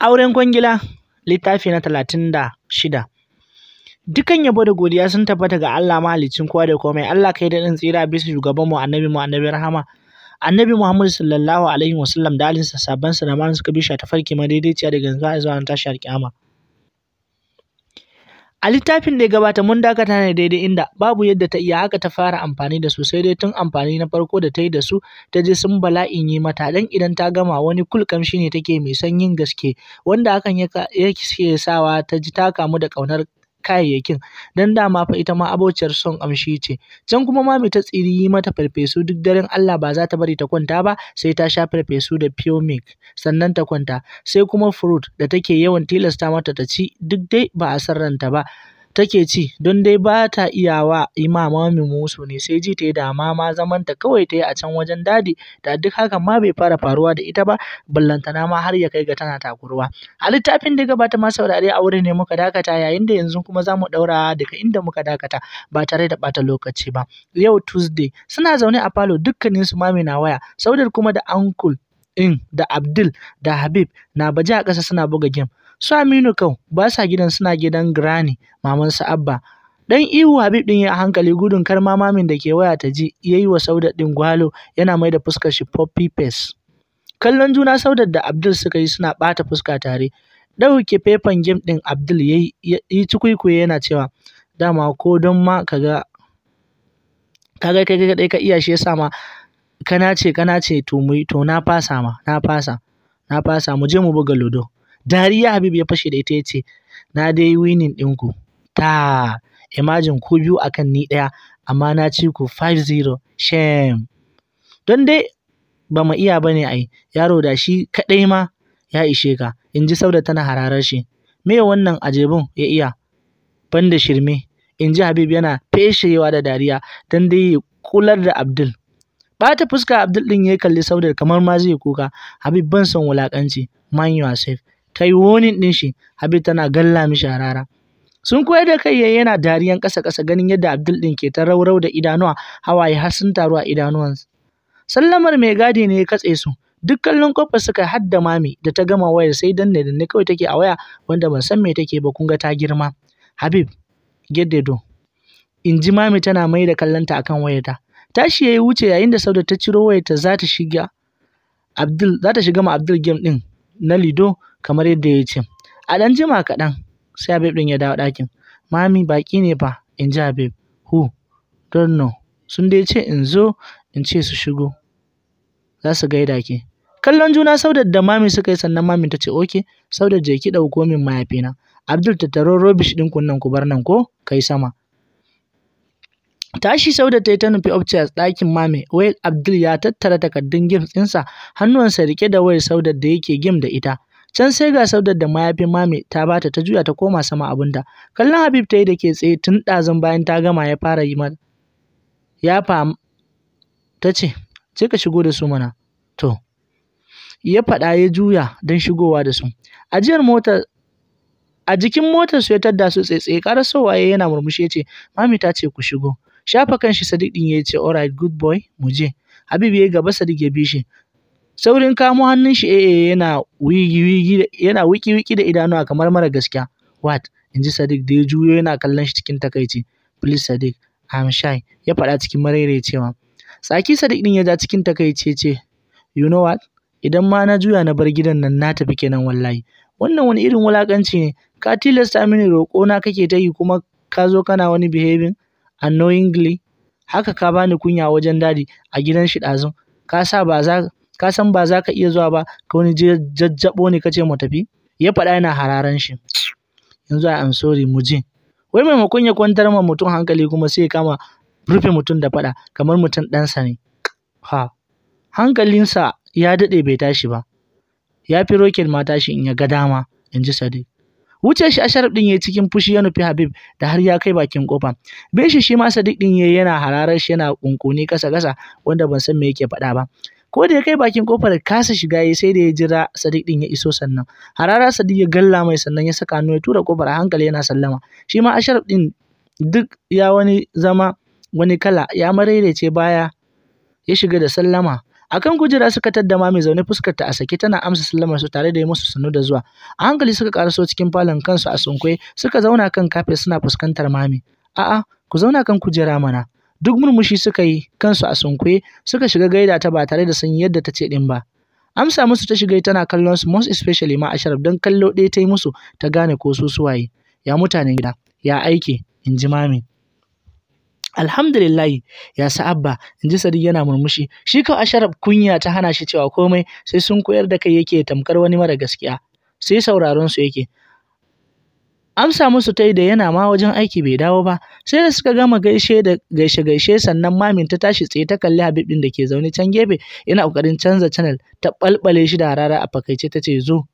Auren Kwangila littafi na talatin da shida Dukan yabo da godiya sun tabbata ga Allah mahaliccin kowa da komai Allah kai daɗin tsira bisa shugabanmu annabi mu annabi rahama annabi Muhammad sallallahu alaihi wasallam da alinsa sa da malinsa kabisha ta farki madaidaiciya daga yanzu zuwa tashi alƙiyama A littafin da ya gabata mun dakata ne daidai inda babu yadda ta iya haka ta fara amfani da su sai dai tun amfani na farko da ta yi da su ta ji sun bala'in yi mata dan idan ta gama wani kul kamshi ne take mai sanyin gaske wanda hakan yake sawa ta ji ta kamu da ƙaunar kayayyakin don dama fa ita ma abociyar son amshi ce can kuma mami ta tsiri yi mata farfesu duk daren Allah ba za ta bari ta kwanta ba sai ta sha farfesu da piomic sannan ta kwanta sai kuma fruit da take yawan tilasta mata ta ci duk dai ba a san ranta ba take ci don dai ba ta iya wa mami musu ne sai ji ta yi da zaman zamanta kawai ta yi a can wajen dadi da duk haka ma bai fara faruwa da ita ba ballantana ma har ya kai ga tana takurwa. A littafin da gabata ma saurare a wurin ne muka dakata yayin da yanzu kuma za mu daura daga inda muka dakata ba tare da bata lokaci ba. Yau Tuesday suna zaune a falo dukkaninsu mami na waya saudar kuma da uncle in da Abdul da Habib na baje a ƙasa suna buga game. Su Aminu kau, ba sa gidan suna gidan Granny mamansu Abba. Dan ihu Habib din ya hankali gudun kar ma da ke waya ta ji yayi wa Saudat din gwalo yana mai da fuskar shi poppy face. Kallon juna Saudat da Abdul suka yi suna bata fuska tare. Dauke fefan game din Abdul yayi yi cikuikuye yana cewa dama ko don ma kaga kaga kai kai ka iya shi yasa ma kana ce kana ce to mu to na fasa ma na fasa na fasa mu je mu buga ludo dariya Habib ya fashe da ita ya ce na dai winning ɗinku ta imagine ku biyu a kan ni ɗaya amma na ci ku 5-0 shame don dai ba mu iya ba ne a yi. yaro da shi kaɗai ma ya ishe ka in ji sauda tana hararar shi me wannan ajebun ya iya banda shirme in ji habib yana feshewa da dariya don dai ya kular da abdul bata fuska abdul din ya kalli saudar kamar ma zai kuka habib ban son wulakanci man yourself ta yi wonin ɗin shi habib tana galla mishi harara sun koyar da kai yayi yana dariyan kasa-kasa ganin yadda abdul ɗin ke ta raurau da idanuwa hawaye har sun taru a idanuwansu. sallamar mai gadi ne ya katse su duk kallon kofar suka hadda mami da ta gama wayar sai danne danne kawai take a waya wanda ban san me take ba kun ga ta girma habib geddedo in ji mami tana mai da kallonta akan wayarta tashi yayi wuce yayin da sauda ta ciro wayarta za ta shiga abdul za ta shiga ma abdul game din na lido kamar yadda ya ce. A ɗan jima kaɗan sai Habib ɗin ya dawo ɗakin. Mami baƙi ne fa in ji Habib. Hu, don no. Sun dai ce in zo in ce su shigo. Za su gaida ke. Kallon juna Saudat da Mami suka yi sannan Mami ta ce oke Saudat je ki ɗauko min mayafina. Abdul taro robish ɗin kunan ku bar nan ko kai sama. Tashi Sauda ta yi ta nufi upstairs ɗakin Mami, wai Abdul ya tattara takardun games ɗinsa, hannuwansa rike da wai Sauda da yake game da ita. Can sai ga saudar da mayafin mame ta bata ta juya ta koma sama abinda. Kallon Habib ta yi da ke tsaye tun ɗazun bayan ta gama ya fara yi mata. Ya fam ta ce, ka shigo da su mana." To, ya faɗa ya juya don shigowa da su. Ajiyar mota a jikin motar su ya tadda su tsaitsaye karasowa waye yana murmushi ya ce mami ta ce ku shigo shafa kanshi sadiq din ya ce alright good boy mu je habib ya gaba sadiq ya bi shi Saurin kamo hannun shi eh, eh yana wigi-wigi yana wiki-wiki da idanuwa kamar mara gaskiya. What? Inji ji Sadiq da ya juyo yana kallon shi cikin takaici. Please Sadiq, I'm shy, ya faɗa cikin cewa. Tsaki Sadiq ɗin ya ja cikin takaici ce, you know what? Idan ma na juya na bar gidan nan na tafi kenan wallahi. Wannan wani irin wulakanci ne, ka tilasta mini roƙo na kake ta yi kuma ka zo kana wani behaving unknowingly. Haka ka bani kunya wajen dadi a gidan shi ɗazu. Ka sa ba za ka. ka san ba za ka iya zuwa ba ka wani jajjabo ne ka ce mu tafi ya faɗa yana hararan shi yanzu ai am sorry mu je wai maimakon ya kwantar ma mutum hankali kuma sai ya kama rufe mutum da faɗa kamar mutum ɗansa ne ha hankalinsa ya daɗe bai tashi ba ya fi roket ma tashi in ya ga dama in ji sadiq wuce shi asharaf din yayi cikin fushi ya nufi habib da har ya kai bakin kofa Binshi shi shi ma sadiq din yayi yana hararar shi yana kunkuni kasa kasa wanda ban san me yake faɗa ba Ko da ya kai bakin kofar kasa shiga yayi sai da ya jira Sadiq din ya iso sannan. Harara Sadiq ya galla mai sannan ya saka hannu ya tura kofar a hankali yana sallama. Shi ma Ashraf din duk ya wani zama wani kala ya marerece baya ya shiga da sallama. akan kujera suka tadda mai zaune fuskar ta a sake tana amsa sallamar su tare da yi musu sannu da zuwa a hankali suka karaso cikin falon kansu a sunkwe suka zauna kan kafe suna fuskantar mami a'a ku zauna kan kujera mana duk murmushi suka yi kansu a sunkuye suka shiga gaida ta ba tare da sun yadda ta ce din ba amsa musu ta shiga tana kallon su most especially ma Asharaf dan kallo ɗaya ta yi musu ta gane ko su suwaye ya mutanen gida ya aiki in ji mami alhamdulillah ya sa'abba in ji sadiq yana murmushi shi kawai Asharaf kunya ta hana shi cewa komai sai sun koyar da kai yake tamkar wani mara gaskiya sai sauraron su yake amsa musu ta da yana ma wajen aiki bai dawo ba sai da suka gama gaishe da gaishe gaishe sannan mamin ta tashi tsaye ta kalli habib din da ke zaune can gefe yana kokarin canza channel ta balbale shi da harara a fakaice ta ce zo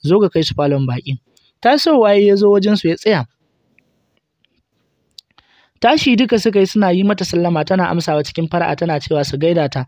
zo ga kai su falon bakin taso waye ya zo wajen su ya tsaya tashi duka suka yi suna yi mata sallama tana amsawa cikin fara'a tana cewa su gaida ta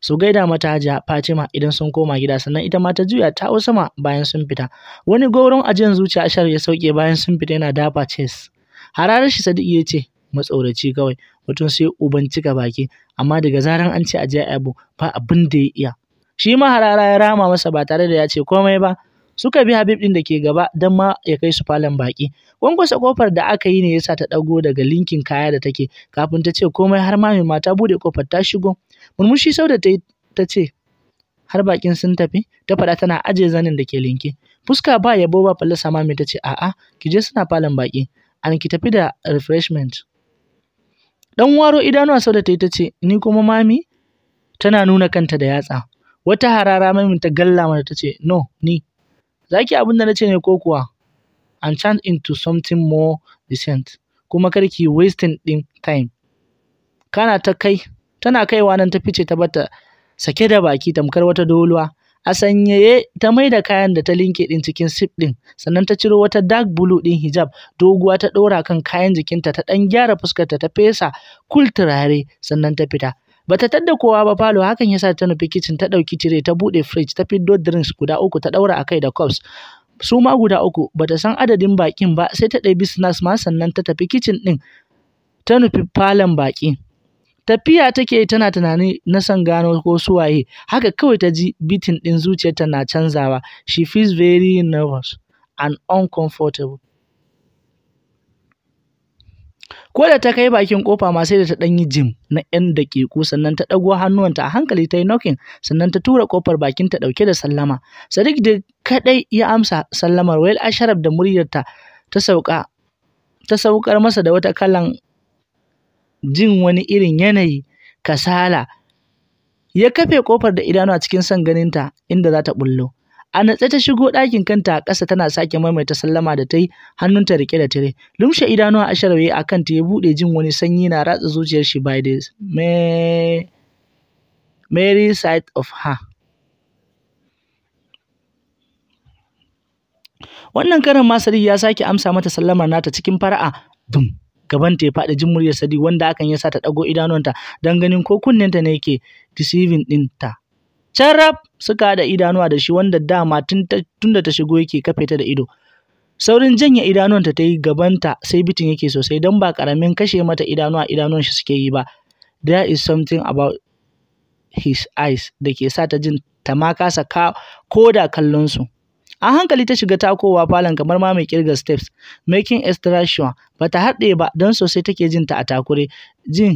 su gaida mata hajiya Fatima idan sun koma gida sannan ita ma ta juya ta hau sama bayan sun fita. Wani goron ajiyar zuciya Ashar ya sauke bayan sun fita yana dafa chess. Hararar shi Sadiq ya ce matsoraci kawai mutum sai uban cika baki amma daga zaran an ce ajiya abu ba abin da ya iya. Shi ma harara ya rama masa ba tare da ya ce komai ba. suka bi Habib ɗin da ke gaba don ma ya kai su falon baki. Kwankwasa kofar da aka yi ne yasa ta ɗago daga linkin kaya da take kafin ta ce komai har ma mai mata buɗe kofar ta shigo. Murmushi sau da ta ta ce, har bakin sun tafi, ta faɗa tana ajiye zanin da ke linke. Fuska ba yabo ba fallasa mami ta ce, a'a, ki je suna falon baki, an ki tafi da refreshment. Dan waro idanuwa sau da ta yi ta ce, ni kuma mami? Tana nuna kanta da yatsa. Wata harara mami ta galla mata ta ce, no, ni. zaki abin da na ce ne ko kuwa? And chant into something more decent. Kuma karki ki wasting din time. Kana ta kai tana kaiwa nan ta fice ta bata sake da baki tamkar wata doluwa a sanyaye ta mai da kayan da ta linke din cikin sip din sannan ta ciro wata dark blue din hijab doguwa ta ɗora kan kayan jikinta ta ɗan gyara fuskarta ta fesa kul turare sannan ta fita bata tadda kowa ba falo hakan yasa ta nufi kicin ta ɗauki tire ta buɗe fridge ta fiddo drinks guda uku ta ɗaura akai da cups su ma guda uku bata san adadin bakin ba sai ta ɗebi snacks ma sannan ta tafi kicin ɗin ta nufi falon baki tafiya take tana tunani na san gano ko su waye haka kawai ta ji bitin din zuciyarta na canzawa she feels very nervous and uncomfortable ko da ta kai bakin kofa ma sai da ta ɗanyi jim na ƴan daƙiƙu sannan ta ɗago hannuwanta a hankali ta yi knocking sannan ta tura kofar bakin ta ɗauke da sallama sadiq da kaɗai ya amsa sallamar wayar asharaf da muryarta ta sauka ta saukar masa da wata kalan jin wani irin yanayi kasala ya kafe kofar da idanu a cikin son ganinta inda za ta bullo a natse ta shigo ɗakin kanta a ƙasa tana sake maimaita sallama da ta yi hannunta riƙe da tire lumshe idanu a asharawe a kanta ya buɗe jin wani sanyi na ratsa zuciyar shi by the merry side of her wannan karin masari ya sake amsa mata sallamar nata cikin fara'a dum gabanta ya faɗi jin muryar sadi, wanda hakan ya sa ta ɗago idanuwanta don ganin ko kunnenta ne yake deceiving ɗinta. Carab suka haɗa idanuwa da shi wanda dama tun da ta shigo yake kafe ta da ido. Saurin janye idanuwanta ta yi gabanta sai bitin yake sosai don ba ƙaramin kashe mata idanuwa idanuwan shi suke yi ba. There is something about his eyes da ke sa ta jin ta ma kasa ko da kallonsu. A hankali ta shiga takowa falon kamar ma mai kirga steps, making extra sure ba ta haɗe ba don sosai take jin ta a takure, jin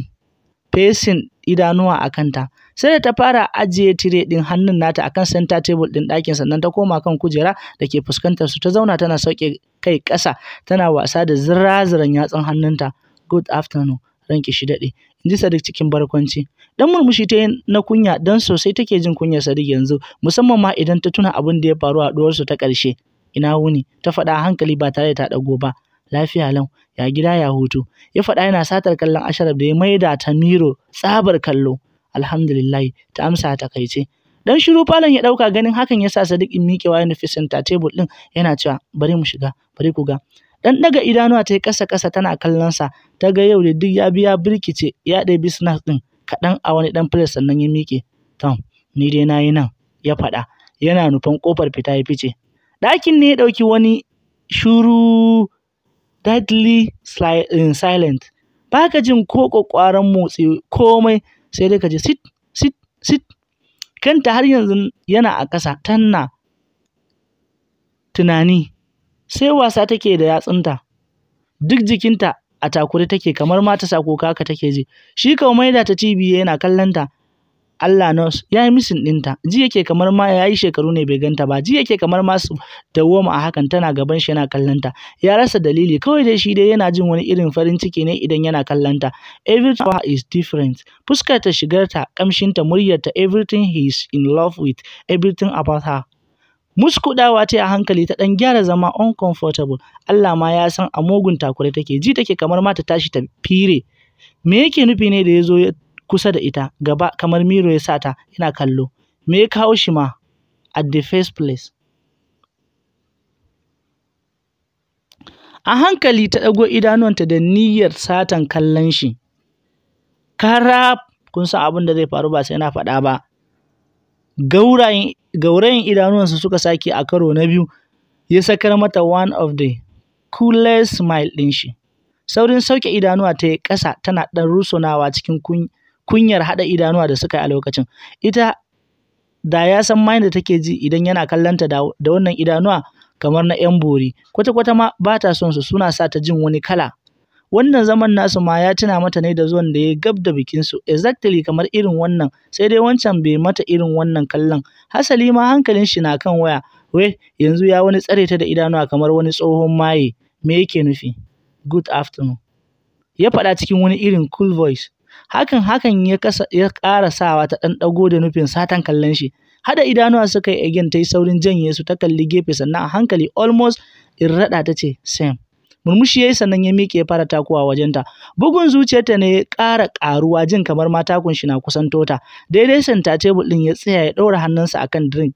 fesin idanuwa a kanta. Sai da ta fara ajiye tire ɗin hannun nata akan center table ɗin ɗakin sannan ta koma kan kujera da ke fuskantar su ta zauna tana sauke kai ƙasa tana wasa da zirazirar yatsun hannunta. Good afternoon, ranki shi daɗe. In ji sadik cikin barkwanci. Dan murmushi ta na kunya dan sosai take jin kunyar Sadiq yanzu musamman ma idan ta tuna abin da ya faru a su ta karshe Ina wuni ta faɗa hankali ba tare da ta dago ba. Lafiya lau ya gida ya hutu ya faɗa yana satar kallon Asharaf da ya maida ta miro tsabar kallo. Alhamdulillah ta amsa ta kaice. Dan shiru falon ya ɗauka ganin hakan ya sa Sadiq in miƙewa ya nufi ta tebul ɗin yana cewa bari mu shiga bari ku ga. Dan daga idanuwa ta yi kasa ƙasa tana kallon sa ta ga yau da duk ya biya birkice ya ɗebi snacks din kaɗan a wani ɗan filas sannan ya miƙe. Tom, ni dai na yi nan, ya faɗa, yana nufan ƙofar fita ya fice. Ɗakin ne ya ɗauki wani shuru deadly eh, silent. Ba ka jin ko ƙwaƙwaran motsi komai sai dai ka ji sit, sit, sit. Kanta har yanzu yana a ƙasa, tana tunani, sai wasa take da yatsunta. Duk jikinta a takure take kamar ma ta sako kaka take ji shi mai da ta tibi yana kallon Allah knows ya yi misin ɗinta ji yake kamar ma ya yi shekaru ne bai ganta ba ji yake kamar ma su dawoma a hakan tana gaban shi yana kallonta ya rasa dalili kawai dai shi dai yana jin wani irin farin ciki ne idan yana kallonta everything is different fuskar ta shigar ta kamshin ta muryar ta everything he is in love with everything about her muskudawa ce a hankali ta ɗan gyara zama uncomfortable Allah ma ya san a mugun takure take ji take kamar ma ta tashi ta fire me yake nufi ne da ya zo kusa da ita gaba kamar miro ya sa ta yana kallo me ya kawo shi ma at the first place a hankali ta ɗago idanuwanta da niyyar satan kallon shi karab kun san abin da zai faru ba sai na faɗa ba gaurayen idanuwansa suka sake a karo na biyu ya sakar mata one of the coolest smile ɗin shi saurin sauke idanuwa ta yi ƙasa tana ɗan rusunawa cikin kunyar haɗa idanuwa da suka yi a lokacin ita da ya san mai da take ji idan yana kallonta da wannan idanuwa kamar na 'yan bori kwata-kwata ma ba ta son su suna sa ta jin wani kala Wannan zaman nasu ma ya tuna mata ne da zuwan da ya gab da bikinsu, exactly kamar irin wannan, sai dai wancan bai mata irin wannan kallon. Hasali ma hankalin shi na kan waya, we yanzu ya wani tsare ta da idanuwa kamar wani tsohon maye, me yake nufi? Good afternoon. Ya faɗa cikin wani irin cool voice. Hakan hakan ya, kasa, ya ƙara sawa ta ɗan ɗago da nufin satan kallon shi. Hada idanuwa suka yi again ta yi saurin janye su ta kalli gefe sannan a hankali almost in raɗa ta ce "same." murmushi ya yi sannan ya miƙe ya fara takuwa wajen ta bugun zuciyarta ne ya ƙara ƙaruwa jin kamar ma takun shi na kusan tota daidai santa tebul ɗin ya tsaya ya ɗaura hannunsa akan drink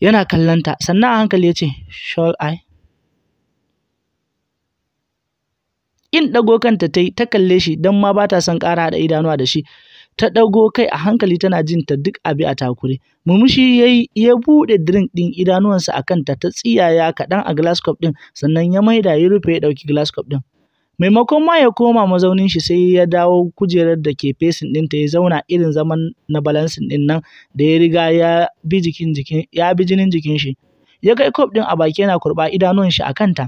yana kallonta sannan a hankali ya ce shall I in ɗago kanta ta yi ta kalle shi don ma ba ta son ƙara haɗa idanuwa da shi ta ɗago kai a hankali tana jin ta duk abi a takure. Murmushi ya yi ya buɗe drink ɗin idanuwansa a kanta ta tsiyaya kaɗan a glass cup ɗin sannan ya maida ya rufe ya ɗauki glass cup ɗin. Maimakon ma ya koma mazaunin shi sai ya dawo kujerar da ke fesin ɗinta ya zauna irin zaman na balansin ɗin nan da ya riga ya bi jikin jikin ya bi jinin jikin shi. Ya kai cup ɗin a baki yana kurɓa idanuwan shi a kanta.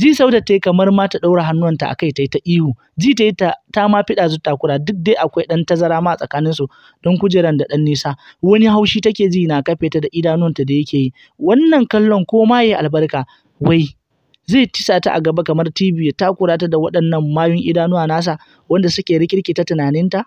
ji sauda ta yi kamar ma ta ɗaura hannuwanta a kai ta yi ta ihu ji ta yi ta, ta ma fiɗa zuta kura duk dai akwai ɗan tazara ma tsakaninsu don kujeran da ɗan nisa wani haushi take ji na kafe ta da idanunta da yake yi wannan kallon ko ma ya albarka wai zai tisa ta a gaba kamar TV ya takura ta da waɗannan mayun idanuwa nasa wanda suke rikirkita tunaninta?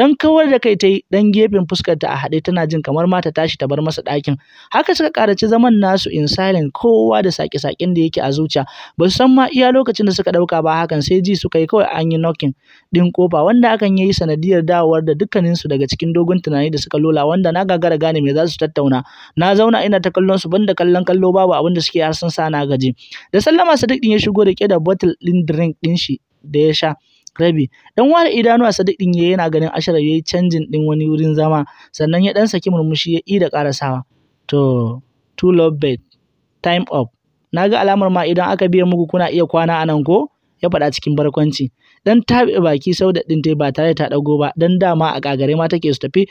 dan kawar da kai ta yi dan gefen fuskar ta a haɗe tana jin kamar ma ta tashi ta bar masa ɗakin haka suka karaci zaman nasu in silent kowa da sake-saken da yake a zuciya ba su san ma iya lokacin da suka ɗauka ba hakan sai ji suka yi kawai an yi knocking ɗin kofa wanda akan ya yi sanadiyar dawowar da su daga cikin dogon tunani da suka lola wanda na gagara gane me za su tattauna na zauna ina ta kallon su banda kallon kallo babu abin da suke har sun sa na gaji da sallama sadiq din ya shigo da ke da bottle din drink din shi da ya sha rabi dan idanu idanuwa sadiq din yayi yana ganin asharar yayi canjin din wani wurin zama sannan ya dan saki murmushi ya ida karasawa to to love bed time up naga alamar ma idan aka biya muku kuna iya kwana anan ko ya faɗa cikin barkwanci dan tabe baki sauda din tai ba tare ta dago ba dan dama a kagare ma take su tafi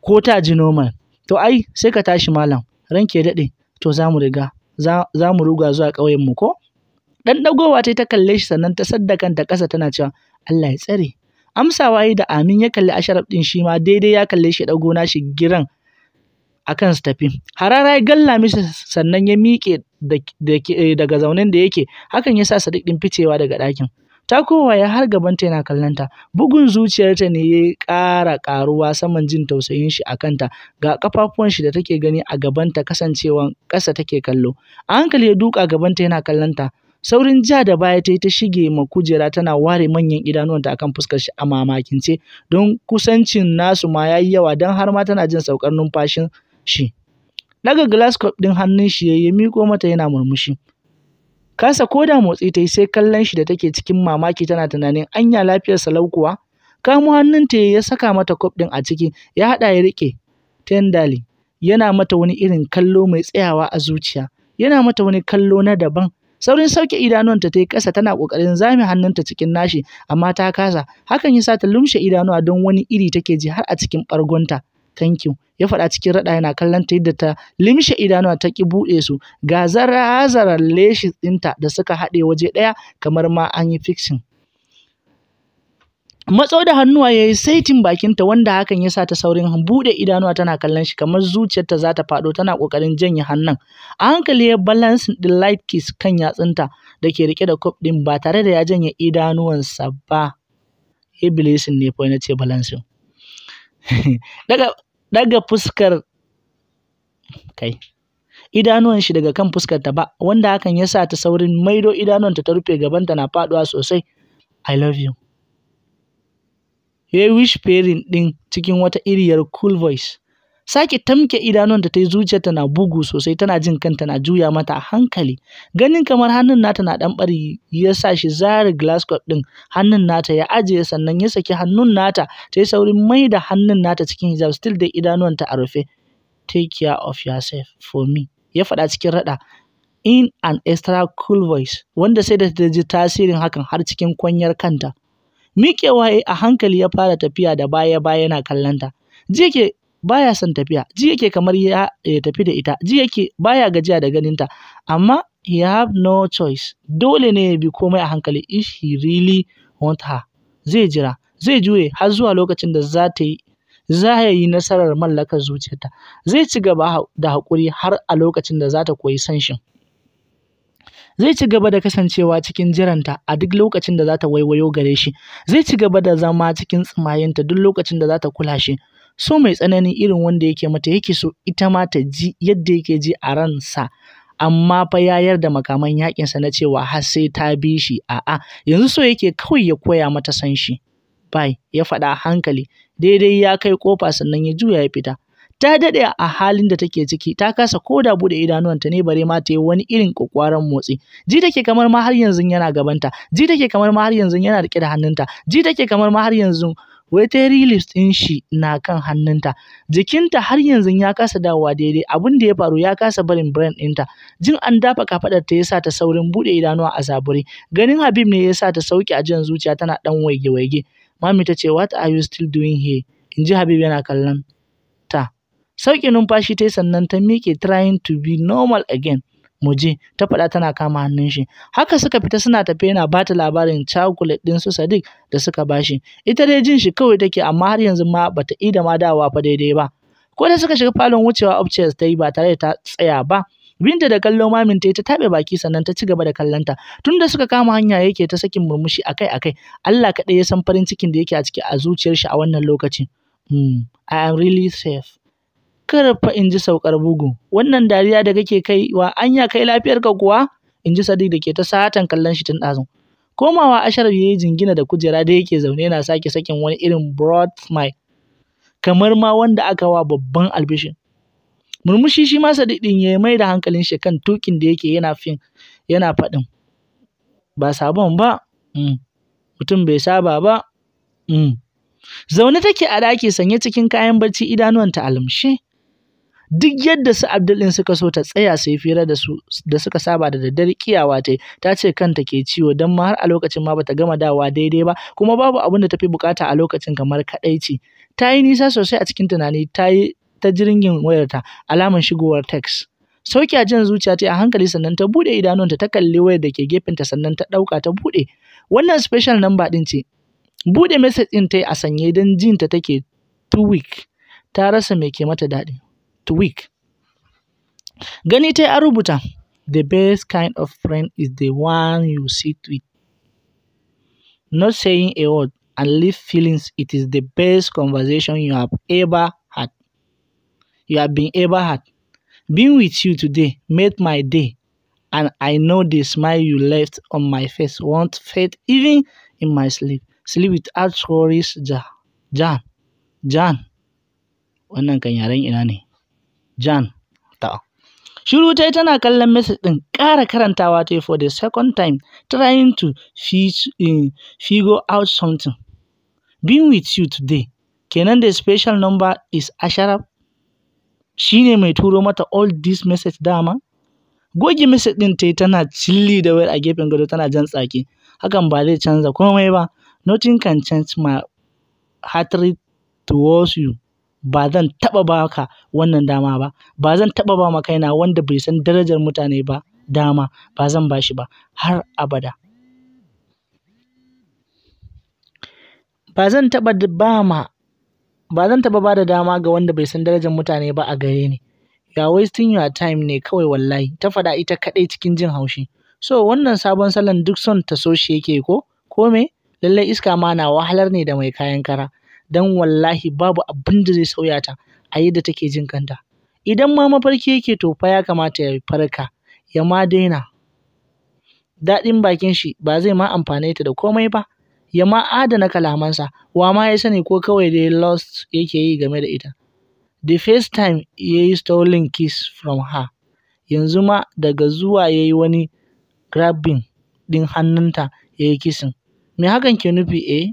ko ta ji normal to ai sai ka tashi malam ranke daɗe to za riga za ruga zuwa ƙauyen mu ko dan dagowa ta kalle shi sannan ta sadda ta kasa tana cewa Allah ya tsare. Amsawa yi da amin ya kalli Asharaf ɗin shi ma daidai ya kalle shi ɗago gona shi giran akan kan tafi. Harara ya galla mishi sannan ya miƙe eh, daga zaunin da yake hakan ya sa Sadiq ɗin ficewa daga ɗakin. Ta kowa ya har gabanta yana kallonta, bugun zuciyarta ne ya ƙara ƙaruwa saman jin tausayin shi a kanta, ga ƙafafuwan shi da take gani a gabanta kasancewan ƙasa take kallo. A hankali ya duka gabanta yana kallonta, Saurin ja da baya ta yi ta shige ma kujera tana ware manyan ta akan fuskar shi a mamakince don kusancin nasu ma ya yawa don har ma tana jin saukar numfashin shi. Daga glasscop ɗin hannun shi ya miko mata yana murmushi. Kasa ko da motsi ta yi sai kallon shi da take cikin mamaki tana tunanin anya lafiyar salau kuwa. hannun ta ya saka mata kwaf ɗin a ciki ya haɗa ya rike tendali yana mata wani irin kallo mai tsayawa a zuciya yana mata wani kallo na daban saurin sauke idanuwanta ta yi ƙasa tana ƙoƙarin zame hannunta cikin nashi amma ta kasa hakan ya ta lumshe idanuwa don wani iri take ji har a cikin ɓargonta thank you ya faɗa cikin raɗa yana kallon ta yadda ta limshe idanuwa ta ki buɗe su ga zarazarar leshi ɗinta da suka haɗe waje ɗaya kamar ma an yi fixing matso da hannuwa ya yi saitin bakinta wanda hakan ya sa ta saurin buɗe idanuwa tana kallon shi kamar zuciyarta za ta faɗo tana ƙoƙarin janye hannun a hankali ya balance the light kiss kan yatsunta da ke riƙe da kwaf ɗin ba tare da ya janye idanuwansa ba iblisin ne fa na ce balancing daga daga fuskar kai idanuwan shi daga kan fuskar ta ba wanda hakan ya sa ta saurin maido idanuwanta ta rufe gabanta na faɗuwa sosai i love you Wish perin ɗin cikin wata iriyar cool voice, sake tamke da ta yi ta na bugu sosai tana jin kanta na juya mata a hankali. Ganin kamar hannun nata na ɗan ɓari ya sa shi zare Glasgow ɗin hannun nata ya ajiye sannan ya saki hannun nata ta yi saurin mai da hannun nata cikin hijab still dai idanuwanta a rufe. Take care of yourself for me, ya faɗa cikin raɗa. in an extra cool voice wanda sai da ta ji tasirin hakan har cikin kwanyar kanta. miƙewa yayi a hankali ya fara tafiya da baya baya yana ta ji yake baya son tafiya ji yake kamar ya, tafi da ita ji yake baya gajiya da ganin ta amma he have no choice dole ne ya bi komai a hankali if he really want her zai jira zai juye har zuwa lokacin da za ta yi za ya yi nasarar mallakar zuciyarta zai ci gaba da haƙuri har a lokacin da za ta koyi son shin zai ci gaba da kasancewa cikin jiranta a duk lokacin da za ta waiwayo gare shi zai ci gaba da zama cikin tsimayinta duk lokacin da za ta kula shi so mai tsanani irin wanda yake mata yake so ita ma ta ji yadda yake ji a ransa amma fa ya yarda makaman yaƙinsa na cewa har sai ta bi shi a'a yanzu so yake kawai ya koya mata san shi bai ya faɗa hankali daidai ya kai ƙofa sannan ya juya ya fita ta daɗe a halin da take ciki ta kasa ko da buɗe idanuwanta ne bare ma ta yi wani irin kokwaran motsi ji take kamar ma har yanzu yana gabanta ji take kamar ma har yanzu yana rike da hannunta ji take kamar ma har yanzu wete ta din ɗin shi na kan hannunta jikinta har yanzu ya kasa dawowa daidai abin da ya faru ya kasa barin brain ɗinta jin an dafa kafaɗar ta yasa ta saurin buɗe idanuwa a zaburi ganin habib ne yasa ta sauke a jiyan zuciya tana ɗan waige-waige mami ta ce what are you still doing here in ji habib yana kallon Sauƙi numfashi ta yi sannan ta miƙe trying to be normal again. muje ta faɗa tana kama hannun shi haka suka fita suna tafe yana bata labarin cakulet ɗin su Sadiq da suka bashi ita dai jin shi kawai take amma har yanzu ma bata ida ma dawowa fa daidai ba ko da suka shiga falon wucewa upstairs ta yi ba tare da ta tsaya ba Binta da kallo mamin ta taɓe baki sannan ta ci gaba da kallonta. Tun da suka kama hanya yake ta sakin murmushi akai-akai. Allah kaɗai ya san farin cikin da yake a ciki a zuciyar shi a wannan lokacin. Hmm, I am really safe. karfa in ji saukar bugu wannan dariya da kake kai wa anya kai lafiyar ka kuwa in ji Sadiq da ke ta satan kallon shi tun ɗazu. Komawa ashar ya yi jingina da kujera da yake zaune yana sake sakin wani irin broad smile kamar ma wanda aka wa babban albishin. Murmushi shi ma Sadiq din ya mai da hankalin shi kan tukin da yake yana fin yana faɗin ba sabon ba mm. mutum bai saba ba. Mm. Zaune take a ɗaki sanye cikin kayan barci idanuwanta ta alamshe. duk yadda su Abdullin suka so ta tsaya su yi fira da su da suka saba da daddare kiyawa ta ta ce kanta ke ciwo dan ma har a lokacin ma bata gama dawa daidai ba kuma babu abin da tafi bukata a lokacin kamar kadaici ta yi nisa sosai a cikin tunani ta yi ta jiringin wayarta alamar shigowar text sauki a jin zuciya ta a hankali sannan ta bude idanunta ta kalli wayar da ke gefenta sannan ta dauka ta bude wannan special number din ce bude message din ta a sanye don ta take too week ta rasa mai ke mata daɗi to week. Ganite Arubuta, the best kind of friend is the one you sit with. Not saying a word and leave feelings, it is the best conversation you have ever had. You have been ever had. Being with you today made my day, and I know the smile you left on my face won't fade even in my sleep. Sleep without worries, Jan. Jan. Wannan kan yaren ina ne? Jan ta. Shiru ta tana kallon message ɗin ƙara karantawa ta for the second time trying to eh, figure out something. Being with you today, kenan the special number is Asharaf. Shi ne mai turo mata all this message dama? Goge message ɗin ta tana cilli da wayar a gefen gado tana jan tsaki. Hakan ba zai canza komai ba. Nothing can change my heart towards you. ba zan taɓa ba ka wannan dama ba ba zan taɓa ba ma kaina wanda bai san darajar mutane ba dama ba zan ba shi ba har abada ba zan taɓa ba ma ba zan taɓa ba da dama ga wanda bai san darajar mutane ba a gare ni ga wasting your time ne kawai wallahi ta faɗa ita kaɗai cikin jin haushi so wannan sabon salon duk son ta so shi yake ko ko me lallai iska ma na wahalar ne da mai kayan kara dan wallahi babu abin da zai sauya ta a yadda take jin kanta. Idan ma mafarki yake to fa ya kamata ya farka ya ma daina. Daɗin bakin shi ba zai ma amfane ta da komai ba, ya ma adana kalamansa, wa ma ya sani ko kawai dai lost yake yi game da ita. The first time ya yi stolen kiss from her, yanzu ma daga zuwa ya yi wani grabbing ɗin hannunta ya yi kissing. Me hakan ke nufi eh?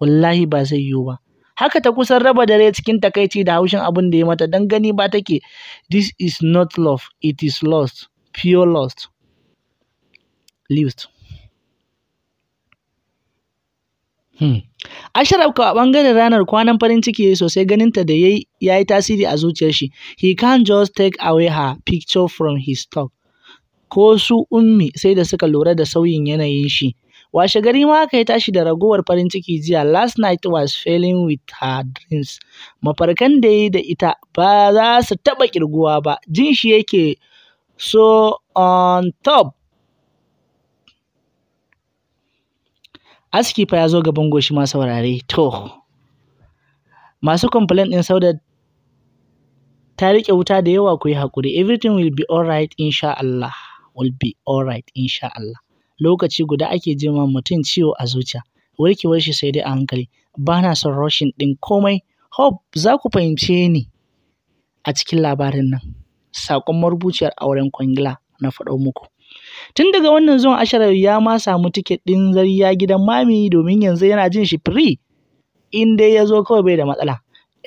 wallahi ba zai yiwu ba haka ta kusan raba dare cikin takaici da haushin abin da ya mata don gani ba take this is not love it is lost pure lost A Hmm. Ashraf ka bangaren ranar kwanan farin ciki sosai ganinta da ya yi tasiri a zuciyar shi. He can't just take away her picture from his talk. Ko su ummi sai da suka lura da sauyin yanayin shi. Washe gari ma ka yi tashi da ragowar farin ciki jiya last night was failing with her dreams. Mafarkan da yi da ita ba za su taɓa kirguwa ba, jin shi yake so on top. Aski fa ya zo gaban goshi ma saurare, to. Masu complain ɗin Saudat ta riƙe wuta da yawa ku yi haƙuri, everything will be alright insha Allah, will be alright insha Allah. lokaci guda ake jima mutum ciwo a zuciya. Warkewar shi sai dai a hankali. Ba na son rushing ɗin komai. Hope za ku fahimce ni a cikin labarin nan. sakon marubuciyar auren kwangila na faɗo muku. Tun daga wannan zuwan Asharaf ya ma samu tiket ɗin zariya gidan mami domin yanzu yana jin shi free in dai ya zo kawai bai da matsala.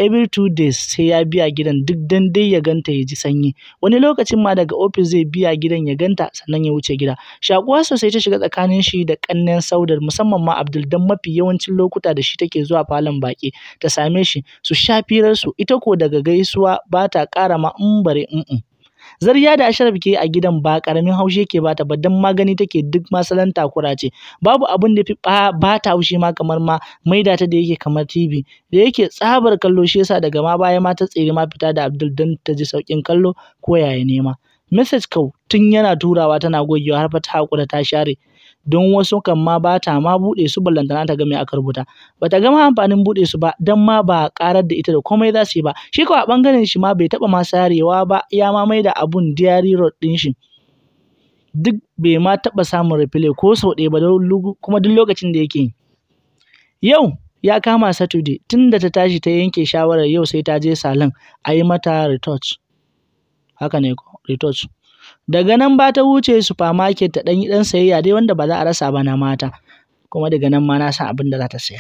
every two days sai ya biya gidan duk dan dai ya ganta ya ji sanyi wani lokacin ma daga ofis zai biya gidan ya ganta sannan ya wuce gida shakuwa sosai ta shiga tsakanin shi da kannen saudar musamman ma abdul dan mafi yawancin lokuta da shi take zuwa falon baki ta same shi su shafirar su ita ko daga gaisuwa ba ta ƙara ma in bare in Zarya da asharaf ke a gidan ba ƙaramin haushi yake bata ba dan magani take duk ma takura ce. Babu abin da fi ba ta haushi ma kamar ma maida ta da yake kamar TV da yake tsabar kallo shi yasa daga ma baya ma ta tsere ma fita da Abdul dan ta ji saukin kallo ko yaya nema. Message kau tun yana turawa tana gogewa har fa ta haƙura ta share. don wasu kan ma ba ta ma buɗe su ballantana ta ga me aka rubuta ba ta gama amfanin buɗe su ba don ma ba karar da ita da komai za su yi ba shi ko a bangaren shi ma bai taɓa ma sarewa ba ya ma mai da abun diary road ɗin shi duk bai ma taɓa samun replay ko sau ɗaya ba kuma duk lokacin da yake yau ya kama Saturday tunda ta tashi ta yanke shawarar yau sai ta je salon Ayi mata retouch haka ne retouch Daga nan ba ta wuce supermarket ta ɗan yi ɗan sayayya dai wanda ba za a rasa ba na mata. Kuma daga nan ma na san abin da za ta saya.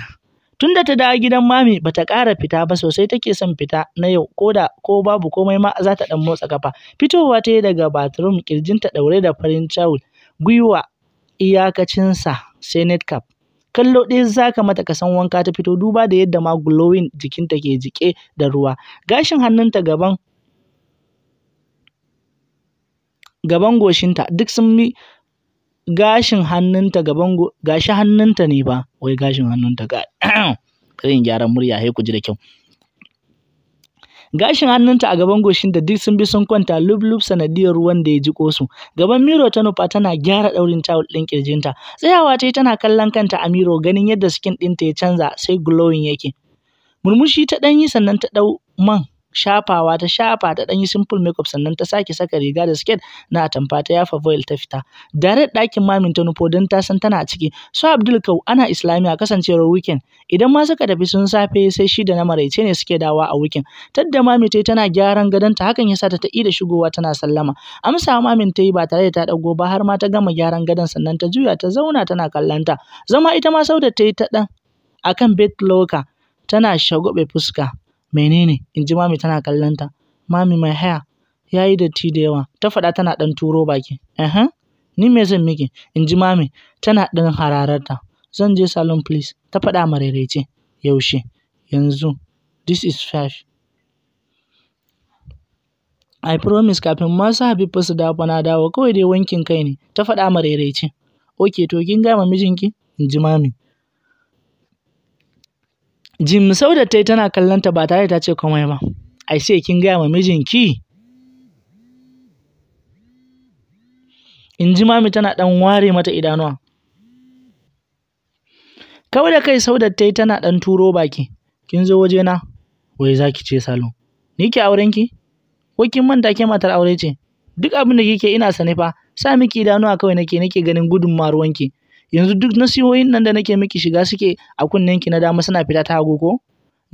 Tun da ta dawo gidan mami ba ta ƙara fita ba sosai take son fita na yau ko da ko babu komai ma za ta ɗan motsa kafa. Fitowa ta yi daga bathroom ƙirjinta ɗaure da farin cawul gwiwa iyakacinsa sai net cap. kallo ɗaya za ka mata kasan wanka ta fito duba da yadda ma glowing jikinta ke jike da ruwa gashin hannunta gaban gaban goshinta duk sun bi gashin hannunta gaban gashi hannunta ne ba wai gashin hannunta ga zan gyara murya sai ku ji da kyau gashin hannunta a gaban goshinta duk sun bi sun kwanta lub-lub sanadiyar ruwan da ya ji kosu gaban miro ta nufa tana gyara daurin tawul din kirjinta tsayawa ta tana kallon kanta a miro ganin yadda skin ɗinta ya canza sai glowing yake murmushi ta ɗanyi sannan ta dau man shafawa ta shafa ta ɗanyi simple makeup sannan ta sake saka riga da skirt na atamfa ta yafa voil ta fita. Direct ɗakin mamin ta nufo don ta san tana ciki. Su Abdul Kau ana Islamiya kasancewar weekend. Idan ma suka tafi sun safe sai shi da na maraice ne suke dawa a weekend. Tadda mami ta tana gyaran gadonta hakan ya sa ta ta'i da shigowa tana sallama. Amsa mamin ta yi ba tare da ta ɗago ba har ma ta gama gyaran gadon sannan ta juya ta zauna tana kallonta. Zama ita ma da ta yi ta ɗan akan bed locker tana shagobe fuska. Menene? In ji mami tana kallon ta. Mami mai haya. ya yi datti da yawa. Ta faɗa tana ɗan turo baki. Ehen, ni me zan miki? In mami tana ɗan harararta, Zan je salon please. Ta faɗa a marerece. Yaushe? Yanzu. This is fresh. I promise kafin masu Habiba su dawo fa na dawo kawai dai wankin kai ne. Ta faɗa a marerece. Ok to kin ga mamijinki? mijinki? In mami. Jim saudatai ta yi tana kallonta ba tare ta ce komai ba. Ai sai kin gaya ma mijinki? In ji mami tana ɗan ware mata idanuwa. Kawai da kai Saudat ta tana ɗan turo baki. Kin zo wajena? Wai za ki ce salon. Ni ke aurenki? Ko kin manta ke matar aure ce? Duk abin da kike ina sane fa, sa miki idanuwa kawai nake nake ganin gudunmawar wanki. yanzu duk nasihohin nan da nake miki shiga suke a kunnen ki na dama suna fita ta hagu ko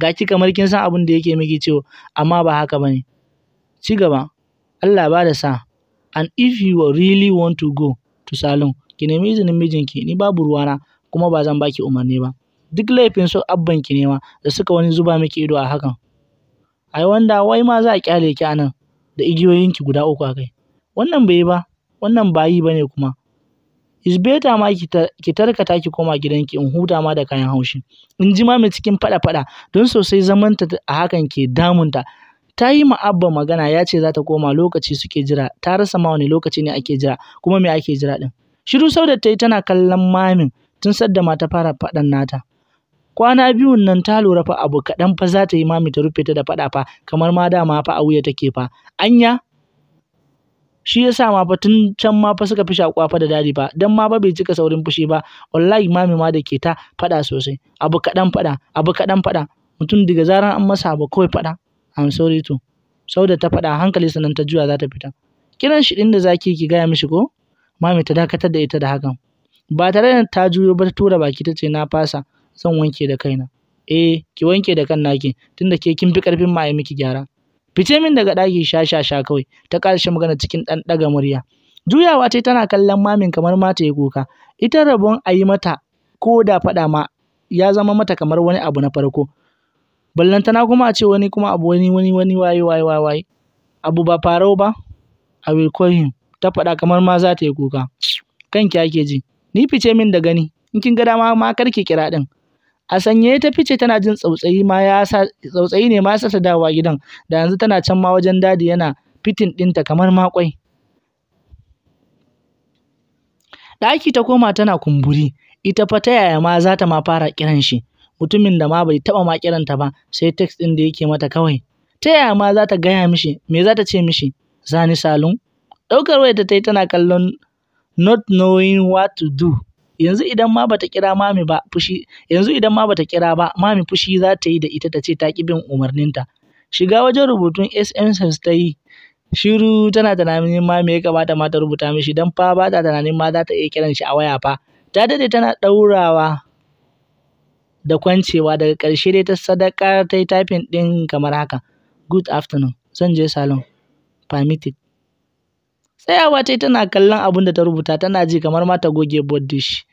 ga ki kamar kin san abin da yake miki cewa amma ba haka bane ci gaba Allah ba da sa and if you really want to go to salon ki nemi izinin mijinki ni babu ruwana kuma ba zan baki umarni ba duk laifin so abban ki nema da suka wani zuba miki ido a hakan ai wanda wai ma za a kyale ki anan da igiyoyin ki guda uku a kai wannan bai yi ba wannan ba yi bane kuma is ma ki tarkata ki koma gidanki in huta ma da kayan haushi in ji ma mai cikin faɗa faɗa don sosai zamanta a hakan ke damunta ta yi ma abba magana ya ce za ta koma lokaci suke jira ta rasa ma wani lokaci ne ake jira kuma me ake jira din shiru sau da ta yi tana kallon mamin tun sadda ma ta fara faɗan nata kwana biyun nan ta lura fa abu kaɗan fa za ta yi mami ta rufe ta da faɗa fa kamar ma dama fa a wuya take fa anya shi yasa ma fa tun can ma fa suka fi shakuwa fa da dadi ba, dan ma ba bai cika saurin fushi ba wallahi mami ma da ke ta fada sosai abu kadan fada abu kadan fada mutum daga zaran an masa abu kawai fada I'm sorry to sau da ta fada hankali sanan ta juya za ta fita kiran shi din da zaki ki gaya mishi ko mami ta dakatar da ita da hakan ba tare da ta juyo ba ta tura baki ta ce na fasa zan wanke da kaina eh ki wanke da kan naki tunda ke kin fi karfin ma miki gyara fice min daga ɗaki sha sha sha kawai ta ƙarshe magana cikin ɗan ɗaga murya juyawa ce tana kallon mamin kamar ma ta yi kuka ita rabon a yi mata ko da faɗa ma ya zama mata kamar wani abu na farko ballantana kuma a ce wani kuma abu wani wani wani waye waye waye abu ba farau ba a wilkohin ta faɗa kamar ma za ta yi kuka kanki ake ji ni fice min da gani in kin ga dama ma karki kira ɗin a sanye ta fice tana jin tsautsayi ma ya tsautsayi ne ma ya dawowa gidan da yanzu tana can ma wajen dadi yana fitin ɗinta kamar makwai ɗaki ta koma tana kumburi ita fa ta yaya ma za ta ma fara kiran shi mutumin da ma bai taba ma kiranta ba sai text ɗin da yake mata kawai ta yaya ma za ta gaya mishi me za ta ce mishi zani salon ɗaukar wayarta ta yi tana kallon not knowing what to do yanzu idan ma bata kira mami ba fushi yanzu idan ma bata kira ba mami fushi za ta yi da ita ta ce ta ki bin umarninta shiga wajen rubutun SMS ta yi shiru tana tunanin ma me ya kamata ma ta rubuta mishi dan fa ba ta tunanin ma za ta iya kiran shi a waya fa ta dade tana ɗaurawa da kwancewa daga ƙarshe dai ta sadaka ta yi typing ɗin kamar haka good afternoon zan je salon permitted tsayawa ta tana kallon abun da ta rubuta tana ji kamar ma ta goge board dish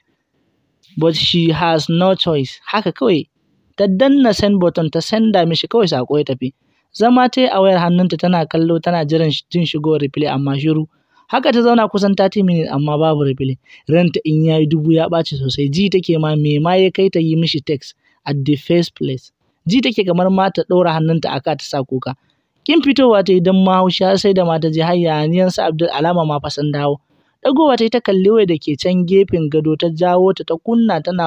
but she has no choice. Haka kawai ta danna send button ta senda mishi kawai sako ya tafi. Zama ta yi a wayar hannunta tana kallo tana jiran jin shigowar replay amma shiru. Haka ta zauna kusan 30 minutes amma babu replay. Ranta in ya yi dubu ya ɓaci sosai. Ji take ma me ma ya kai ta yi mishi text at the first place. Ji take kamar ma ta ɗora hannunta a ta sa kuka. Kin fitowa ta yi don mahaushiya sai da mata ji har yansa Abdul alama ma fasan dawo. Ɗagowa ta yi ta kalli wai da ke can gefen gado ta jawo ta ta kunna tana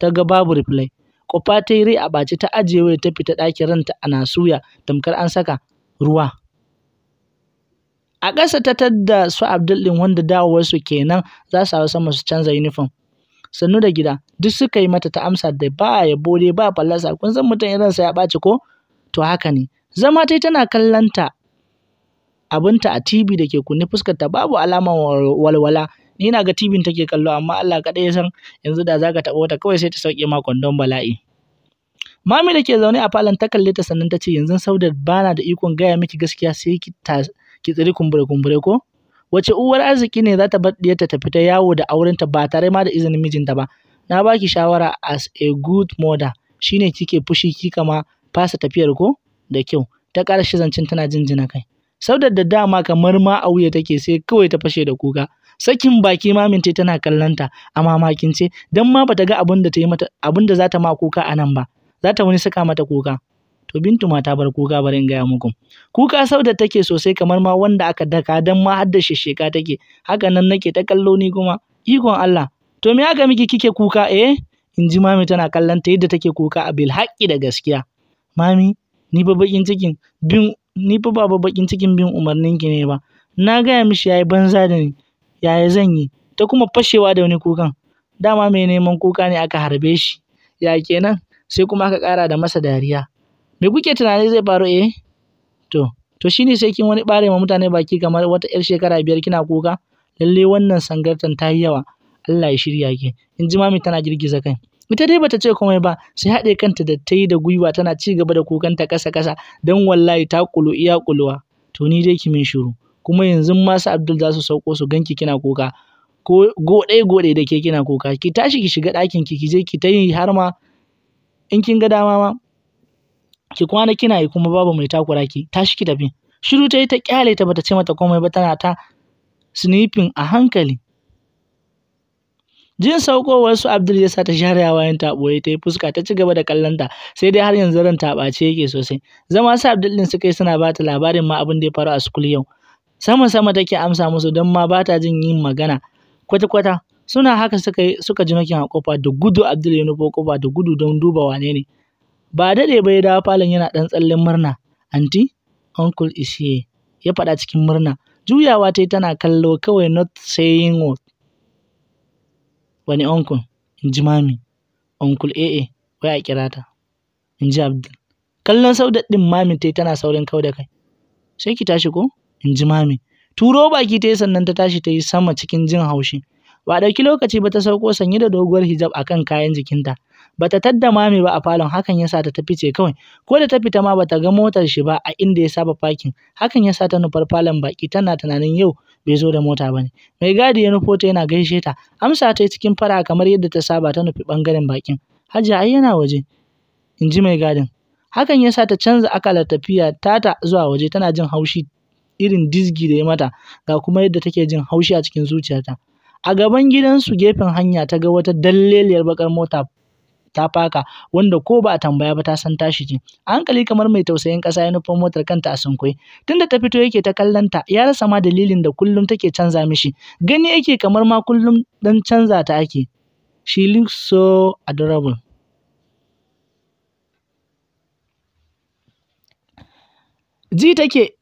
ta ga babu reply. Ƙofa ta yi rai a ɓace ta ajiye wai ta fita ɗakin ranta ana suya tamkar an saka ruwa. A ƙasa ta tadda su Abdul ɗin wanda dawowarsu kenan za su hau sama su canza uniform. Sannu da gida duk suka yi mata ta amsa da ba yabo dai ba fallasa kun san mutum irin sa ya ɓaci ko? To haka ne. Zama tai tana kallon ta abinta a TV da ke kunne ta babu alaman walwala. Ni na ga TVn take kallo amma Allah kaɗai ya san yanzu da zaka ka taɓa wata kawai sai ta sauke ma kondon bala'i. Mami da ke zaune a falon ta kalle ta sannan ta ce yanzu Saudat bana da ikon gaya miki gaskiya sai ki tsiri kumbure-kumbure ko? wace uwar arziki ne za ta bar diyarta ta fita yawo da aurenta ba tare ma da izinin mijinta ba na baki shawara as a good mother shine kike fushi kika ma fasa tafiyar ko da kyau ta ƙara zancin zancen tana jinjina kai saudar da dama kamar ma a wuya take sai kawai ta fashe da kuka sakin baki mamince tana kallanta a ce. don ma bata ga abin da ta yi mata abin da za ta ma kuka a nan ba za ta wani saka mata kuka to bintu ma ta bar kuka bari in gaya muku kuka sauda take sosai kamar ma wanda aka daka dan ma har da shesheka take haka nan nake ta kallo ni kuma ikon Allah to me aka miki kike kuka eh in ji mami tana kallon ta yadda take kuka a bil haƙƙi da gaskiya mami ni ba bakin cikin bin ni fa ba bakin cikin bin umarnin ki ne ba. Na gaya mishi yayi banza da ni, yaya zan yi? Ta kuma fashewa da wani kukan. Dama mai neman kuka ne aka harbe shi. Ya kenan Sai kuma aka kara da masa dariya. Me kuke tunani zai faru eh? To, to shine sai kin wani bare ma mutane baki kamar wata 'yar shekara biyar kina kuka? Lalle wannan sangartan ta yi yawa. Allah ya shirya ki. In ji mami tana girgiza kai. Ita dai bata ce komai ba, sai haɗe kanta da ta yi da gwiwa tana ci gaba da ta kasa-kasa don wallahi ta kulu iya kuluwa. To ni dai ki min shiru. Kuma yanzu ma su Abdul za su sauko su ganki kina kuka. Ko goɗe-goɗe da ke kina kuka. Ki tashi ki shiga ɗakin ki ki je ki ta yi har ma in kin ga dama ma ki kwana kina yi kuma babu mai takura ki tashi ki tafi shiru ta yi ta kyale ta bata ce mata komai ba tana ta sinifin a hankali Jin saukowar su Abdul ya sa ta share hawayen yin taɓoye ta yi fuska ta ci gaba da kallon ta sai dai har yanzu ran ta ɓace yake sosai. Zama su Abdul din suka yi suna ba ta labarin ma abin da ya faru a school yau. Sama sama take amsa musu don ma ba ta jin yin magana kwata kwata. Suna haka suka suka ji nokin a kofa da gudu Abdul ya nufo kofa da gudu don duba wane ne. Ba daɗe ba ya dawo falon yana ɗan tsallen murna. Anti, Uncle is ya faɗa cikin murna. Juyawa ta yi tana kallo kawai not saying what. Wani uncle? In ji mami. Uncle AA, wai a kira ta. In ji Abdul. Kallon saudat ɗin mami tai tana saurin kau da kai. Sai ki tashi ko? In ji mami. Turo baki ta sannan ta tashi ta sama cikin jin haushi. Ba ɗauki lokaci ba ta sauko sanye da doguwar hijab akan kayan jikinta. bata tadda mami ba a falon hakan yasa ta tafi ce kawai ko da ta fita ma bata ga motar shi ba a inda ya saba parking hakan yasa ta nufar falon baki tana tunanin yau bai zo da mota ba ne. Mai gadi ya nufo ta yana gaishe ta, amsa ta cikin fara kamar yadda ta saba ta nufi ɓangaren bakin. Hajiya ai yana waje, in mai gadin. Hakan ya sa ta canza akalar tafiya tata zuwa waje tana jin haushi irin dizgi da ya mata ga kuma yadda take jin haushi a cikin zuciyarta. A gaban gidansu gefen hanya ta ga wata dalleliyar bakar mota ta faka wanda ko ba a tambaya ba ta san tashi ce. A hankali kamar mai tausayin ƙasa ya nufo motar kanta a sunkwai Tunda ta fito yake ta kallon ta ya rasa ma dalilin da kullum take canza mishi. Gani yake kamar ma kullum dan canza ta ake. She looks so adorable. Ji take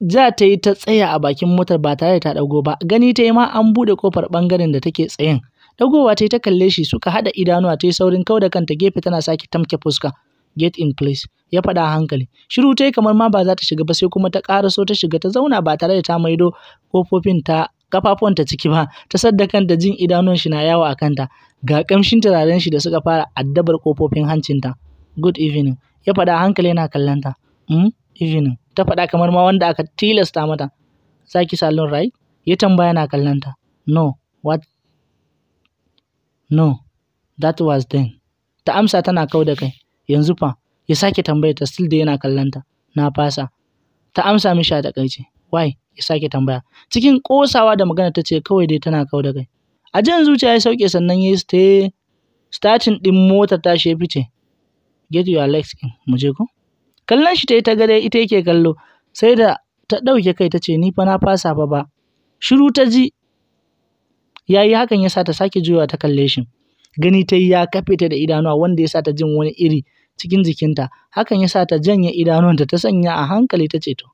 ja ta yi ta tsaya a bakin motar ba tare da ta ɗago ba gani ta yi ma an buɗe kofar ɓangaren da take tsayin Dagowa ta yi ta kalle shi suka haɗa idanuwa ta yi saurin kau da kanta gefe tana sake tamke fuska. Get in place, ya faɗa a hankali. Shiru ta yi kamar ma ba za ta shiga ba sai kuma ta ƙaraso ta shiga ta zauna ba tare da ta maido kofofin ta kafafuwan ta ciki ba ta sadda kanta jin idanun shi na yawo a kanta ga kamshin turaren shi da suka fara addabar kofofin hancinta good evening ya faɗa hankali yana kallanta mm evening ta faɗa kamar ma wanda aka tilasta mata saki salon right ya tambaya yana kallanta no what No, that was then. Ta amsa tana kau da kai, yanzu fa, ya sake tambaya ta still da yana kallanta, na fasa. Ta amsa mishi a takaice, why? Ya sake tambaya. Cikin kosawa da magana ta ce kawai dai tana kau da kai. A jan zuciya ya sauke sannan ya yi starting ɗin mota ta shefi ce, get your legs in, mu je ko? Kallon shi ta yi ta gare, ita yake kallo, sai da ta ɗauke kai ta ce ni fa na fasa fa ba. Shiru ta ji Ya yi hakan ya sa ta sake juyawa ta kalle shi gani ta yi ya kafe ta da idanuwa wanda ya sa ta jin wani iri cikin jikinta hakan ya sa ta janye idanuwanta ta sanya a hankali ta ce to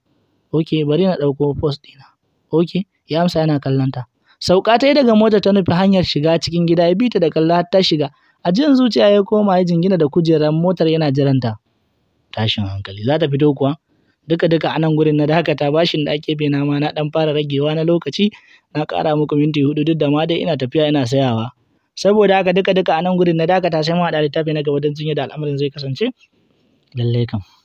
Ok, bari na ɗauko post ɗina Ok, ya amsa yana kallon ta sauka ta yi daga mota ta nufi hanyar shiga cikin gida ya bi ta da kalla ta shiga a jin zuciya ya koma ya jingina da kujerar motar yana jiranta tashin hankali za ta fito kuwa duka duka a nan gurin na dakata bashin da ake bina ma na ɗan fara ragewa na lokaci na ƙara muku minti huɗu duk da ma dai ina tafiya ina sayawa saboda haka duka duka a nan gurin na dakata sai mu haɗa littafi na gaba don jinya da al'amarin zai kasance lallai kam